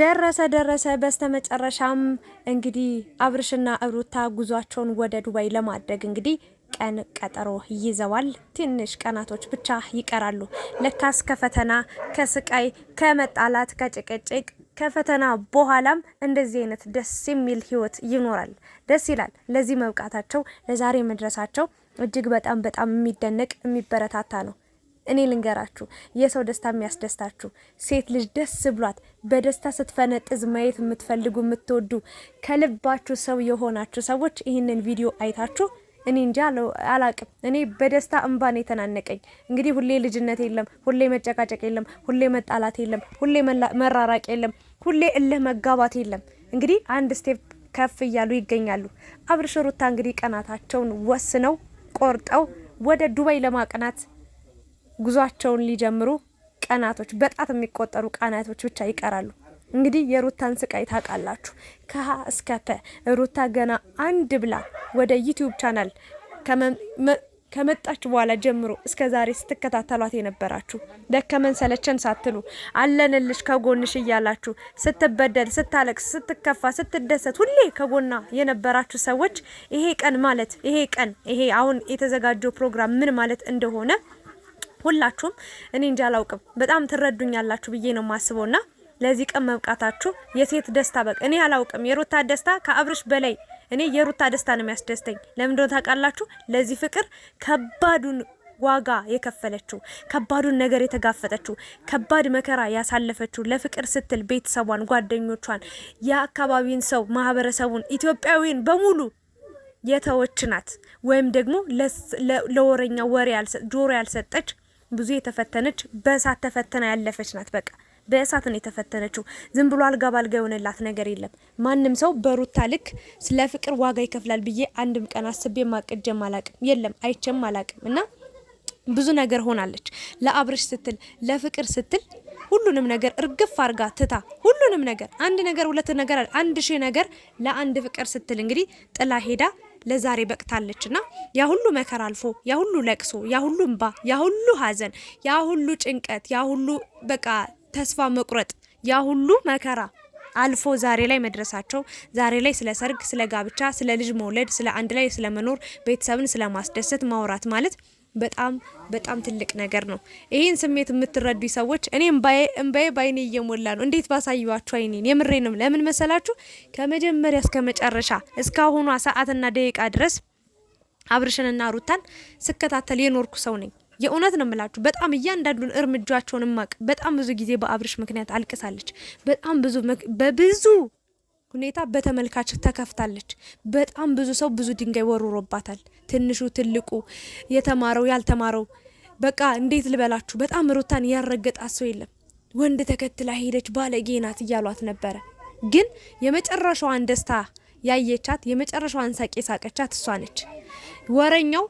ደረሰ ደረሰ። በስተመጨረሻም እንግዲህ አብርሽና እሩታ ጉዟቸውን ወደ ዱባይ ለማድረግ እንግዲህ ቀን ቀጠሮ ይዘዋል። ትንሽ ቀናቶች ብቻ ይቀራሉ። ለካስ ከፈተና ከስቃይ፣ ከመጣላት፣ ከጭቅጭቅ ከፈተና በኋላም እንደዚህ አይነት ደስ የሚል ህይወት ይኖራል። ደስ ይላል። ለዚህ መብቃታቸው፣ ለዛሬ መድረሳቸው እጅግ በጣም በጣም የሚደነቅ የሚበረታታ ነው። እኔ ልንገራችሁ የሰው ደስታ የሚያስደስታችሁ ሴት ልጅ ደስ ብሏት በደስታ ስትፈነጥዝ ማየት የምትፈልጉ የምትወዱ ከልባችሁ ሰው የሆናችሁ ሰዎች ይህንን ቪዲዮ አይታችሁ እኔ እንጂ አላቅም። እኔ በደስታ እንባን የተናነቀኝ እንግዲህ ሁሌ ልጅነት የለም፣ ሁሌ መጨቃጨቅ የለም፣ ሁሌ መጣላት የለም፣ ሁሌ መራራቅ የለም፣ ሁሌ እልህ መጋባት የለም። እንግዲህ አንድ ስቴፕ ከፍ እያሉ ይገኛሉ። አብርሽ ሩታ እንግዲህ ቀናታቸውን ወስነው ቆርጠው ወደ ዱባይ ለማቅናት ጉዟቸውን ሊጀምሩ ቀናቶች፣ በጣት የሚቆጠሩ ቀናቶች ብቻ ይቀራሉ። እንግዲህ የሩታን ስቃይ ታውቃላችሁ። ከሀ እስከ ፐ ሩታ ገና አንድ ብላ ወደ ዩቲዩብ ቻናል ከመጣች በኋላ ጀምሮ እስከ ዛሬ ስትከታተሏት የነበራችሁ ደከመን ሰለቸን ሳትሉ አለንልሽ ከጎንሽ እያላችሁ ስትበደል፣ ስታለቅስ፣ ስትከፋ፣ ስትደሰት ሁሌ ከጎና የነበራችሁ ሰዎች ይሄ ቀን ማለት ይሄ ቀን ይሄ አሁን የተዘጋጀው ፕሮግራም ምን ማለት እንደሆነ ሁላችሁም እኔ እንጂ አላውቅም፣ በጣም ትረዱኛላችሁ ብዬ ነው የማስበው ና ለዚህ ቀን መብቃታችሁ የሴት ደስታ በቃ እኔ አላውቅም። የሩታ ደስታ ከአብርሽ በላይ እኔ የሩታ ደስታ ነው የሚያስደስተኝ። ለምንድነው ታውቃላችሁ? ለዚህ ፍቅር ከባዱን ዋጋ የከፈለችው ከባዱን ነገር የተጋፈጠችው ከባድ መከራ ያሳለፈችው ለፍቅር ስትል ቤተሰቧን፣ ጓደኞቿን፣ የአካባቢን ሰው ማህበረሰቡን፣ ኢትዮጵያዊን በሙሉ የተወች ናት። ወይም ደግሞ ለወረኛ ወሬ ጆሮ ያልሰጠች ብዙ የተፈተነች በእሳት ተፈተና ያለፈች ናት። በቃ በእሳት ነው የተፈተነችው። ዝም ብሎ አልጋ ባልጋ የሆነላት ነገር የለም። ማንም ሰው በሩታ ልክ ስለ ፍቅር ዋጋ ይከፍላል ብዬ አንድም ቀን አስቤ ማቅጀም አላቅም። የለም አይቼም አላቅም። እና ብዙ ነገር ሆናለች። ለአብርሽ ስትል ለፍቅር ስትል ሁሉንም ነገር እርግፍ አርጋ ትታ ሁሉንም ነገር አንድ ነገር ሁለት ነገር አንድ ሺህ ነገር ለአንድ ፍቅር ስትል እንግዲህ ጥላ ሄዳ ለዛሬ በቅታለችና ያ ሁሉ መከራ አልፎ ያ ሁሉ ለቅሶ፣ ያ ሁሉ እንባ፣ ያ ሁሉ ሀዘን ያ ሁሉ ጭንቀት፣ ያ ሁሉ በቃ ተስፋ መቁረጥ፣ ያ ሁሉ መከራ አልፎ ዛሬ ላይ መድረሳቸው ዛሬ ላይ ስለ ሰርግ፣ ስለ ጋብቻ፣ ስለ ልጅ መውለድ፣ ስለ አንድ ላይ ስለ መኖር ቤተሰብን ስለ ማስደሰት ማውራት ማለት በጣም በጣም ትልቅ ነገር ነው። ይህን ስሜት የምትረዱኝ ሰዎች እኔ እምባዬ ባይኔ እየሞላ ነው። እንዴት ባሳየኋችሁ አይኔን የምሬንም። ለምን መሰላችሁ? ከመጀመሪያ እስከ መጨረሻ እስካሁኗ ሰዓትና ደቂቃ ድረስ አብርሽንና ሩታን ስከታተል የኖርኩ ሰው ነኝ። የእውነት ነው የምላችሁ። በጣም እያንዳንዱን እርምጃቸውን ማቅ። በጣም ብዙ ጊዜ በአብርሽ ምክንያት አልቅሳለች። በጣም ብዙ በብዙ ሁኔታ በተመልካች ተከፍታለች። በጣም ብዙ ሰው ብዙ ድንጋይ ወርሮባታል። ትንሹ፣ ትልቁ፣ የተማረው፣ ያልተማረው በቃ እንዴት ልበላችሁ፣ በጣም ሩታን ያረገጣት ሰው የለም። ወንድ ተከትላ ሄደች ባለጌ ናት እያሏት ነበረ። ግን የመጨረሻዋን ደስታ ያየቻት የመጨረሻዋን ሳቄ ሳቀቻት እሷ ነች። ወረኛው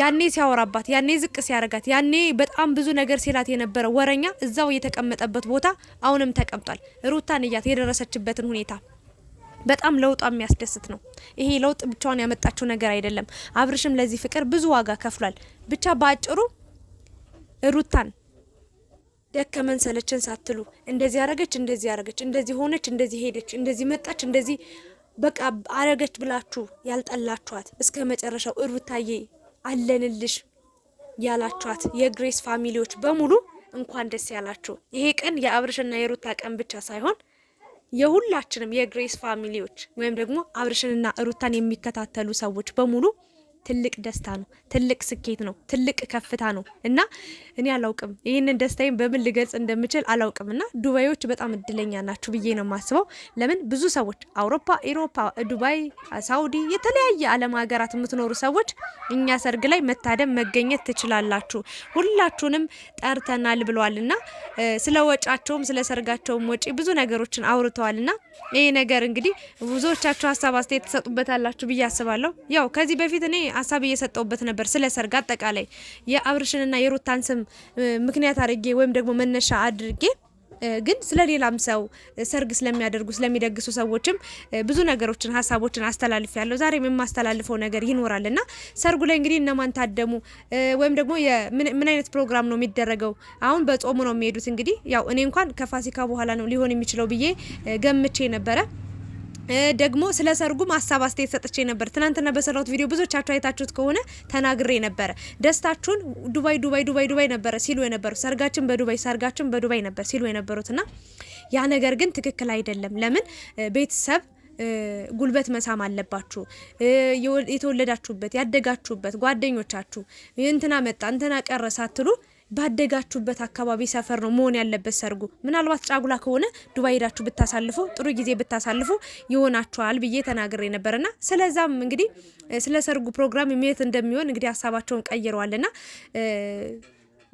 ያኔ ሲያወራባት፣ ያኔ ዝቅ ሲያረጋት፣ ያኔ በጣም ብዙ ነገር ሲላት የነበረ ወረኛ እዛው የተቀመጠበት ቦታ አሁንም ተቀምጧል። ሩታን እያት የደረሰችበትን ሁኔታ በጣም ለውጧ የሚያስደስት ነው። ይሄ ለውጥ ብቻዋን ያመጣችው ነገር አይደለም። አብርሽም ለዚህ ፍቅር ብዙ ዋጋ ከፍሏል። ብቻ በአጭሩ ሩታን ደከመን ሰለችን ሳትሉ እንደዚህ ያረገች፣ እንደዚህ ያረገች፣ እንደዚህ ሆነች፣ እንደዚህ ሄደች፣ እንደዚህ መጣች፣ እንደዚህ በቃ አረገች ብላችሁ ያልጠላችኋት እስከ መጨረሻው እሩታዬ አለንልሽ ያላችኋት የግሬስ ፋሚሊዎች በሙሉ እንኳን ደስ ያላችሁ። ይሄ ቀን የአብርሽና የሩታ ቀን ብቻ ሳይሆን የሁላችንም የግሬስ ፋሚሊዎች ወይም ደግሞ አብርሽንና ሩታን የሚከታተሉ ሰዎች በሙሉ ትልቅ ደስታ ነው፣ ትልቅ ስኬት ነው፣ ትልቅ ከፍታ ነው እና እኔ አላውቅም ይህንን ደስታዬን በምን ልገልጽ እንደምችል አላውቅም። እና ዱባዮች በጣም እድለኛ ናችሁ ብዬ ነው የማስበው። ለምን ብዙ ሰዎች አውሮፓ፣ ኢሮፓ፣ ዱባይ፣ ሳውዲ፣ የተለያየ ዓለም ሀገራት የምትኖሩ ሰዎች እኛ ሰርግ ላይ መታደም መገኘት ትችላላችሁ፣ ሁላችሁንም ጠርተናል ብለዋል እና ስለ ወጫቸውም ስለ ሰርጋቸውም ወጪ ብዙ ነገሮችን አውርተዋል እና ይህ ነገር እንግዲህ ብዙዎቻችሁ ሀሳብ አስተያየት ትሰጡበታላችሁ ብዬ አስባለሁ። ያው ከዚህ በፊት እኔ ሀሳብ እየሰጠውበት ነበር ስለ ሰርግ አጠቃላይ የአብርሽንና የሩታን ስም ምክንያት አድርጌ ወይም ደግሞ መነሻ አድርጌ ግን ስለ ሌላም ሰው ሰርግ ስለሚያደርጉ ስለሚደግሱ ሰዎችም ብዙ ነገሮችን ሀሳቦችን አስተላልፍ ያለው ዛሬም የማስተላልፈው ነገር ይኖራል እና ሰርጉ ላይ እንግዲህ እነማን ታደሙ ወይም ደግሞ ምን አይነት ፕሮግራም ነው የሚደረገው? አሁን በጾሙ ነው የሚሄዱት። እንግዲህ ያው እኔ እንኳን ከፋሲካ በኋላ ነው ሊሆን የሚችለው ብዬ ገምቼ ነበረ። ደግሞ ስለ ሰርጉም ሀሳብ አስተያየት ሰጥቼ ነበር። ትናንትና በሰራሁት ቪዲዮ ብዙዎቻችሁ አይታችሁት ከሆነ ተናግሬ ነበረ። ደስታችሁን ዱባይ ዱባይ ዱባይ ዱባይ ነበረ ሲሉ የነበሩት ሰርጋችን በዱባይ ሰርጋችን በዱባይ ነበር ሲሉ የነበሩትና ያ ነገር ግን ትክክል አይደለም። ለምን ቤተሰብ ጉልበት መሳም አለባችሁ። የተወለዳችሁበት ያደጋችሁበት ጓደኞቻችሁ እንትና መጣ እንትና ቀረ ሳትሉ ባደጋችሁበት አካባቢ ሰፈር ነው መሆን ያለበት ሰርጉ። ምናልባት ጫጉላ ከሆነ ዱባይ ሄዳችሁ ብታሳልፉ ጥሩ ጊዜ ብታሳልፉ ይሆናችኋል ብዬ ተናግሬ ና ስለዛም እንግዲህ ስለ ሰርጉ ፕሮግራም የት እንደሚሆን እንግዲህ ሀሳባቸውን ና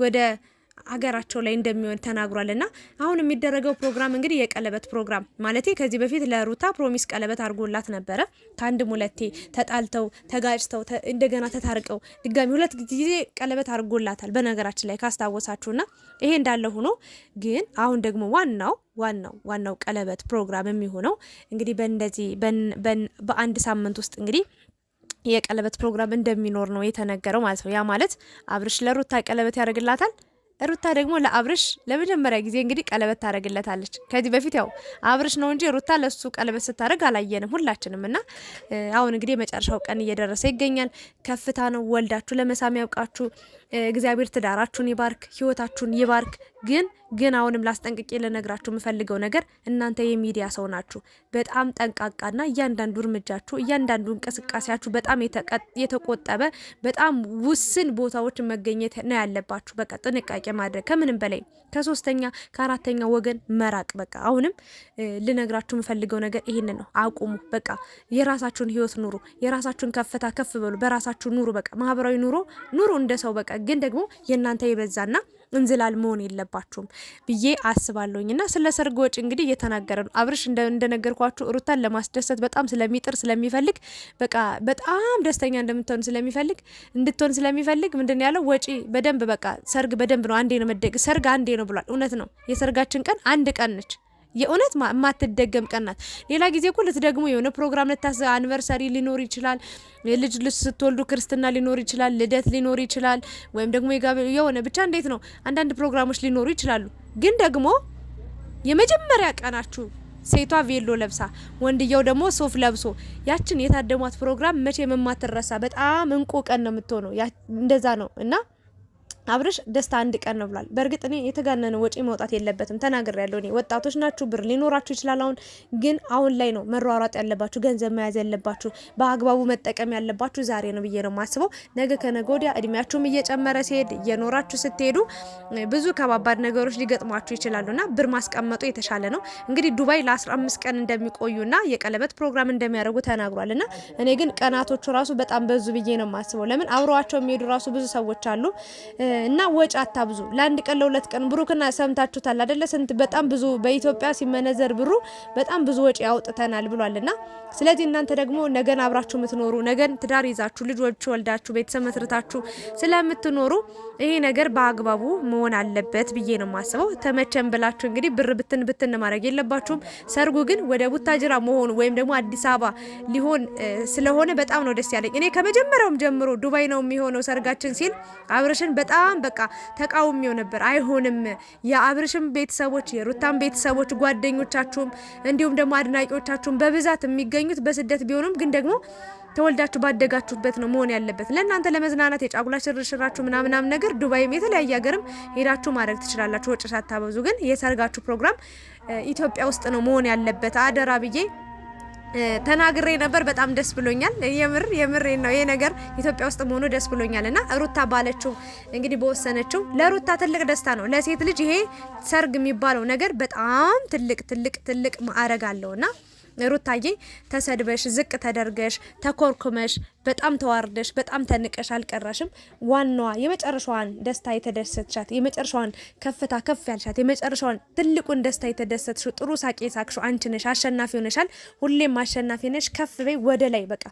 ወደ አገራቸው ላይ እንደሚሆን ተናግሯል። እና አሁን የሚደረገው ፕሮግራም እንግዲህ የቀለበት ፕሮግራም ማለት ከዚህ በፊት ለሩታ ፕሮሚስ ቀለበት አድርጎላት ነበረ። ከአንድም ሁለቴ ተጣልተው ተጋጭተው እንደገና ተታርቀው ድጋሚ ሁለት ጊዜ ቀለበት አድርጎላታል በነገራችን ላይ ካስታወሳችሁና፣ ይሄ እንዳለ ሆኖ ግን አሁን ደግሞ ዋናው ዋናው ዋናው ቀለበት ፕሮግራም የሚሆነው እንግዲህ በእንደዚህ በአንድ ሳምንት ውስጥ እንግዲህ የቀለበት ፕሮግራም እንደሚኖር ነው የተነገረው ማለት ነው። ያ ማለት አብርሽ ለሩታ ቀለበት ያደርግላታል። ሩታ ደግሞ ለአብርሽ ለመጀመሪያ ጊዜ እንግዲህ ቀለበት ታደርግለታለች። ከዚህ በፊት ያው አብርሽ ነው እንጂ ሩታ ለሱ ቀለበት ስታደርግ አላየንም ሁላችንም። እና አሁን እንግዲህ የመጨረሻው ቀን እየደረሰ ይገኛል። ከፍታ ነው። ወልዳችሁ ለመሳም ያብቃችሁ። እግዚአብሔር ትዳራችሁን ይባርክ፣ ህይወታችሁን ይባርክ። ግን ግን አሁንም ላስጠንቅቄ ልነግራችሁ የምፈልገው ነገር እናንተ የሚዲያ ሰው ናችሁ። በጣም ጠንቃቃና እያንዳንዱ እርምጃችሁ፣ እያንዳንዱ እንቅስቃሴያችሁ በጣም የተቆጠበ በጣም ውስን ቦታዎች መገኘት ነው ያለባችሁ። በቃ ጥንቃቄ ማድረግ ከምንም በላይ ከሶስተኛ ከአራተኛ ወገን መራቅ። በቃ አሁንም ልነግራችሁ የምፈልገው ነገር ይህንን ነው። አቁሙ። በቃ የራሳችሁን ህይወት ኑሩ። የራሳችሁን ከፍታ ከፍ በሉ። በራሳችሁ ኑሩ። በቃ ማህበራዊ ኑሮ ኑሩ እንደ ሰው በቃ ግን ደግሞ የእናንተ የበዛና እንዝላል መሆን የለባችሁም ብዬ አስባለሁኝ። እና ስለ ሰርግ ወጪ እንግዲህ እየተናገረ ነው አብርሽ። እንደነገርኳችሁ ሩታን ለማስደሰት በጣም ስለሚጥር ስለሚፈልግ፣ በቃ በጣም ደስተኛ እንደምትሆን ስለሚፈልግ እንድትሆን ስለሚፈልግ ምንድን ያለው ወጪ በደንብ በቃ ሰርግ በደንብ ነው አንዴ ነው መደግ ሰርግ አንዴ ነው ብሏል። እውነት ነው። የሰርጋችን ቀን አንድ ቀን ነች። የእውነት የማትደገም ቀን ናት። ሌላ ጊዜ እኮ ልትደግሙ የሆነ ፕሮግራም ልታስ አኒቨርሰሪ ሊኖር ይችላል፣ ልጅ ስትወልዱ ክርስትና ሊኖር ይችላል፣ ልደት ሊኖር ይችላል፣ ወይም ደግሞ የሆነ ብቻ እንዴት ነው አንዳንድ ፕሮግራሞች ሊኖሩ ይችላሉ። ግን ደግሞ የመጀመሪያ ቀናችሁ ሴቷ ቬሎ ለብሳ ወንድየው ደግሞ ሶፍ ለብሶ ያችን የታደሟት ፕሮግራም መቼም የማትረሳ በጣም እንቁ ቀን ነው የምትሆነው። እንደዛ ነው እና አብርሽ ደስታ አንድ ቀን ነው ብሏል። በእርግጥ እኔ የተጋነነ ወጪ መውጣት የለበትም ተናግር ያለው እኔ ወጣቶች ናችሁ፣ ብር ሊኖራችሁ ይችላል። አሁን ግን አሁን ላይ ነው መሯሯጥ ያለባችሁ፣ ገንዘብ መያዝ ያለባችሁ፣ በአግባቡ መጠቀም ያለባችሁ ዛሬ ነው ብዬ ነው ማስበው። ነገ ከነገ ወዲያ እድሜያችሁም እየጨመረ ሲሄድ እየኖራችሁ ስትሄዱ ብዙ ከባባድ ነገሮች ሊገጥሟችሁ ይችላሉና ብር ማስቀመጡ የተሻለ ነው። እንግዲህ ዱባይ ለ15 ቀን እንደሚቆዩና የቀለበት ፕሮግራም እንደሚያደርጉ ተናግሯል እና እኔ ግን ቀናቶቹ ራሱ በጣም በዙ ብዬ ነው ማስበው። ለምን አብረዋቸው የሚሄዱ ራሱ ብዙ ሰዎች አሉ እና ወጪ አታብዙ። ለአንድ ቀን ለሁለት ቀን ብሩክና ሰምታችሁታል አደለ? ስንት በጣም ብዙ በኢትዮጵያ ሲመነዘር ብሩ በጣም ብዙ ወጪ ያውጥተናል ብሏል። እና ስለዚህ እናንተ ደግሞ ነገን አብራችሁ የምትኖሩ ነገን ትዳር ይዛችሁ ልጆች ወልዳችሁ ቤተሰብ መስርታችሁ ስለምትኖሩ ይሄ ነገር በአግባቡ መሆን አለበት ብዬ ነው የማስበው። ተመቸን ብላችሁ እንግዲህ ብር ብትን ብትን ማድረግ የለባችሁም። ሰርጉ ግን ወደ ቡታጅራ መሆኑ ወይም ደግሞ አዲስ አበባ ሊሆን ስለሆነ በጣም ነው ደስ ያለኝ። እኔ ከመጀመሪያውም ጀምሮ ዱባይ ነው የሚሆነው ሰርጋችን ሲል አብረሽን በጣም በጣም በቃ ተቃውሜው ነበር። አይሆንም የአብርሽም ቤተሰቦች የሩታም ቤተሰቦች ጓደኞቻችሁም እንዲሁም ደግሞ አድናቂዎቻችሁም በብዛት የሚገኙት በስደት ቢሆኑም ግን ደግሞ ተወልዳችሁ ባደጋችሁበት ነው መሆን ያለበት። ለእናንተ ለመዝናናት የጫጉላ ሽርሽራችሁ ምናምናም ነገር ዱባይም የተለያየ ሀገርም ሄዳችሁ ማድረግ ትችላላችሁ። ወጪ ሳታበዙ ግን የሰርጋችሁ ፕሮግራም ኢትዮጵያ ውስጥ ነው መሆን ያለበት። አደራ ብዬ ተናግሬ ነበር። በጣም ደስ ብሎኛል። የምር የምር ነው ይሄ ነገር ኢትዮጵያ ውስጥ መሆኑ ደስ ብሎኛል። እና ሩታ ባለችው እንግዲህ በወሰነችው ለሩታ ትልቅ ደስታ ነው። ለሴት ልጅ ይሄ ሰርግ የሚባለው ነገር በጣም ትልቅ ትልቅ ትልቅ ማዕረግ አለውና ሩታዬ ተሰድበሽ ዝቅ ተደርገሽ ተኮርኩመሽ በጣም ተዋርደሽ በጣም ተንቀሽ አልቀረሽም። ዋናዋ የመጨረሻዋን ደስታ የተደሰትሻት የመጨረሻዋን ከፍታ ከፍ ያልሻት የመጨረሻዋን ትልቁን ደስታ የተደሰትሽው ጥሩ ሳቄ ሳቅሽው አንቺ ነሽ። አሸናፊ ሆነሻል። ሁሌም አሸናፊ ነሽ። ከፍ በይ ወደ ላይ በቃ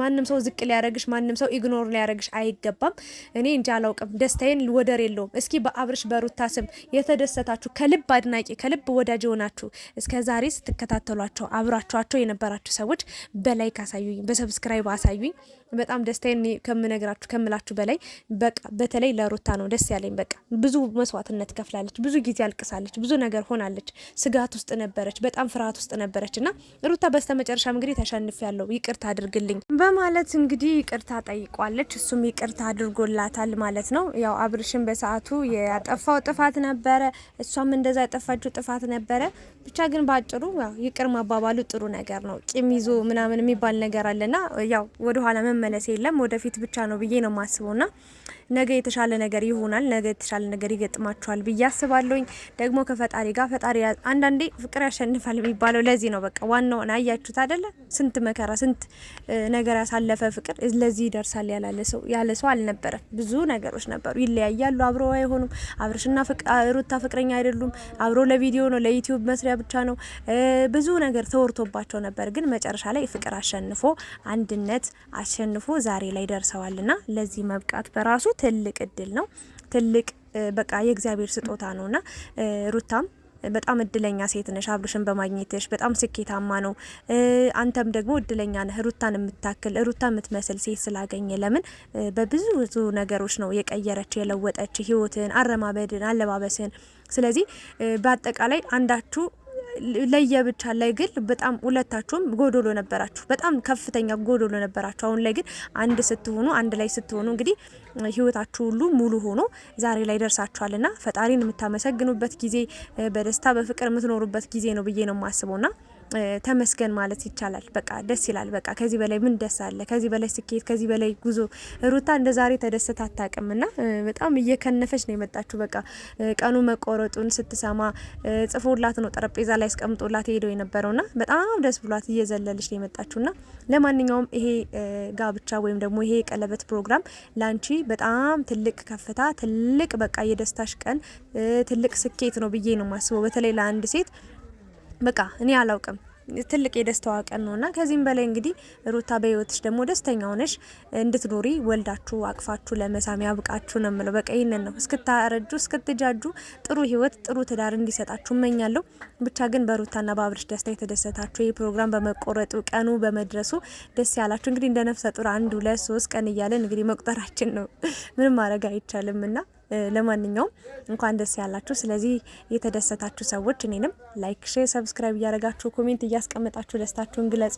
ማንም ሰው ዝቅ ሊያደረግሽ፣ ማንም ሰው ኢግኖር ሊያደረግሽ አይገባም። እኔ እንጂ አላውቅም፣ ደስታዬን ወደር የለውም። እስኪ በአብርሽ በሩታ ስም የተደሰታችሁ ከልብ አድናቂ ከልብ ወዳጅ የሆናችሁ እስከ ዛሬ ስትከታተሏቸው አብራችኋቸው የነበራችሁ ሰዎች በላይክ አሳዩኝ፣ በሰብስክራይብ አሳዩኝ። በጣም ደስታዬን ከምነግራችሁ ከምላችሁ በላይ በቃ በተለይ ለሩታ ነው ደስ ያለኝ። በቃ ብዙ መስዋዕትነት ከፍላለች፣ ብዙ ጊዜ አልቅሳለች፣ ብዙ ነገር ሆናለች። ስጋት ውስጥ ነበረች፣ በጣም ፍርሃት ውስጥ ነበረች እና ሩታ በስተመጨረሻም እንግዲህ ተሸንፍ ያለው ይቅርታ አድርግልኝ በማለት እንግዲህ ይቅርታ ጠይቋለች። እሱም ይቅርታ አድርጎላታል ማለት ነው። ያው አብርሽን በሰዓቱ ያጠፋው ጥፋት ነበረ፣ እሷም እንደዛ ያጠፋችው ጥፋት ነበረ። ብቻ ግን በአጭሩ ይቅር መባባሉ ጥሩ ነገር ነው። ቂም ይዞ ምናምን የሚባል ነገር አለና ያው ወደ ኋላ መመለስ የለም ወደፊት ብቻ ነው ብዬ ነው የማስበውና ነገ የተሻለ ነገር ይሆናል። ነገ የተሻለ ነገር ይገጥማቸዋል ብዬ አስባለሁኝ። ደግሞ ከፈጣሪ ጋር ፈጣሪ አንዳንዴ ፍቅር ያሸንፋል የሚባለው ለዚህ ነው። በቃ ዋናው አያችሁት አደለ? ስንት መከራ ስንት ነገር ያሳለፈ ፍቅር ለዚህ ይደርሳል ያላለ ሰው ያለ ሰው አልነበረም። ብዙ ነገሮች ነበሩ። ይለያያሉ፣ አብረው አይሆኑም። አብርሽና ሩታ ፍቅረኛ አይደሉም። አብረው ለቪዲዮ ነው ለዩቲዩብ መስሪያ ብቻ ነው ብዙ ነገር ተወርቶባቸው ነበር። ግን መጨረሻ ላይ ፍቅር አሸንፎ አንድነት አሸንፎ ዛሬ ላይ ደርሰዋልና ለዚህ መብቃት በራሱ ትልቅ እድል ነው። ትልቅ በቃ የእግዚአብሔር ስጦታ ነውና ሩታም በጣም እድለኛ ሴት ነሽ፣ አብርሽን በማግኘትሽ በጣም ስኬታማ ነው። አንተም ደግሞ እድለኛ ነህ፣ ሩታን የምታክል ሩታ የምትመስል ሴት ስላገኘ። ለምን በብዙ ብዙ ነገሮች ነው የቀየረች የለወጠች ህይወትን፣ አረማመድን፣ አለባበስን። ስለዚህ በአጠቃላይ አንዳችሁ ለየብቻ ላይ ግን በጣም ሁለታችሁም ጎዶሎ ነበራችሁ። በጣም ከፍተኛ ጎዶሎ ነበራችሁ። አሁን ላይ ግን አንድ ስትሆኑ አንድ ላይ ስትሆኑ እንግዲህ ህይወታችሁ ሁሉ ሙሉ ሆኖ ዛሬ ላይ ደርሳችኋልና ፈጣሪን የምታመሰግኑበት ጊዜ፣ በደስታ በፍቅር የምትኖሩበት ጊዜ ነው ብዬ ነው የማስበውና ተመስገን ማለት ይቻላል። በቃ ደስ ይላል። በቃ ከዚህ በላይ ምን ደስ አለ? ከዚህ በላይ ስኬት፣ ከዚህ በላይ ጉዞ። ሩታ እንደ ዛሬ ተደስታ አታውቅም እና በጣም እየከነፈች ነው የመጣችሁ። በቃ ቀኑ መቆረጡን ስትሰማ ጽፎላት ነው ጠረጴዛ ላይ አስቀምጦላት ሄደው የነበረው እና በጣም ደስ ብሏት እየዘለለች ነው የመጣችሁና ለማንኛውም ይሄ ጋብቻ ወይም ደግሞ ይሄ የቀለበት ፕሮግራም ላንቺ በጣም ትልቅ ከፍታ፣ ትልቅ በቃ የደስታሽ ቀን፣ ትልቅ ስኬት ነው ብዬ ነው ማስበው በተለይ ለአንድ ሴት በቃ እኔ አላውቅም። ትልቅ የደስታዋ ቀን እና ከዚህም በላይ እንግዲህ ሩታ በህይወትሽ ደግሞ ደስተኛ ሆነሽ እንድትኖሪ ወልዳችሁ አቅፋችሁ ለመሳም ያብቃችሁ ነው የምለው። በቃ ይህንን ነው እስክታረጁ እስክትጃጁ ጥሩ ህይወት ጥሩ ትዳር እንዲሰጣችሁ እመኛለሁ። ብቻ ግን በሩታና በአብርሽ ደስታ የተደሰታችሁ ይህ ፕሮግራም በመቆረጡ ቀኑ በመድረሱ ደስ ያላችሁ እንግዲህ እንደ ነፍሰ ጡር አንድ ሁለት ሶስት ቀን እያለን እንግዲህ መቁጠራችን ነው ምንም ማድረግ አይቻልም ና ለማንኛውም እንኳን ደስ ያላችሁ። ስለዚህ የተደሰታችሁ ሰዎች እኔንም ላይክ፣ ሼር፣ ሰብስክራይብ እያደረጋችሁ ኮሜንት እያስቀመጣችሁ ደስታችሁን ግለጹ።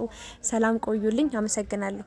ሰላም ቆዩልኝ። አመሰግናለሁ።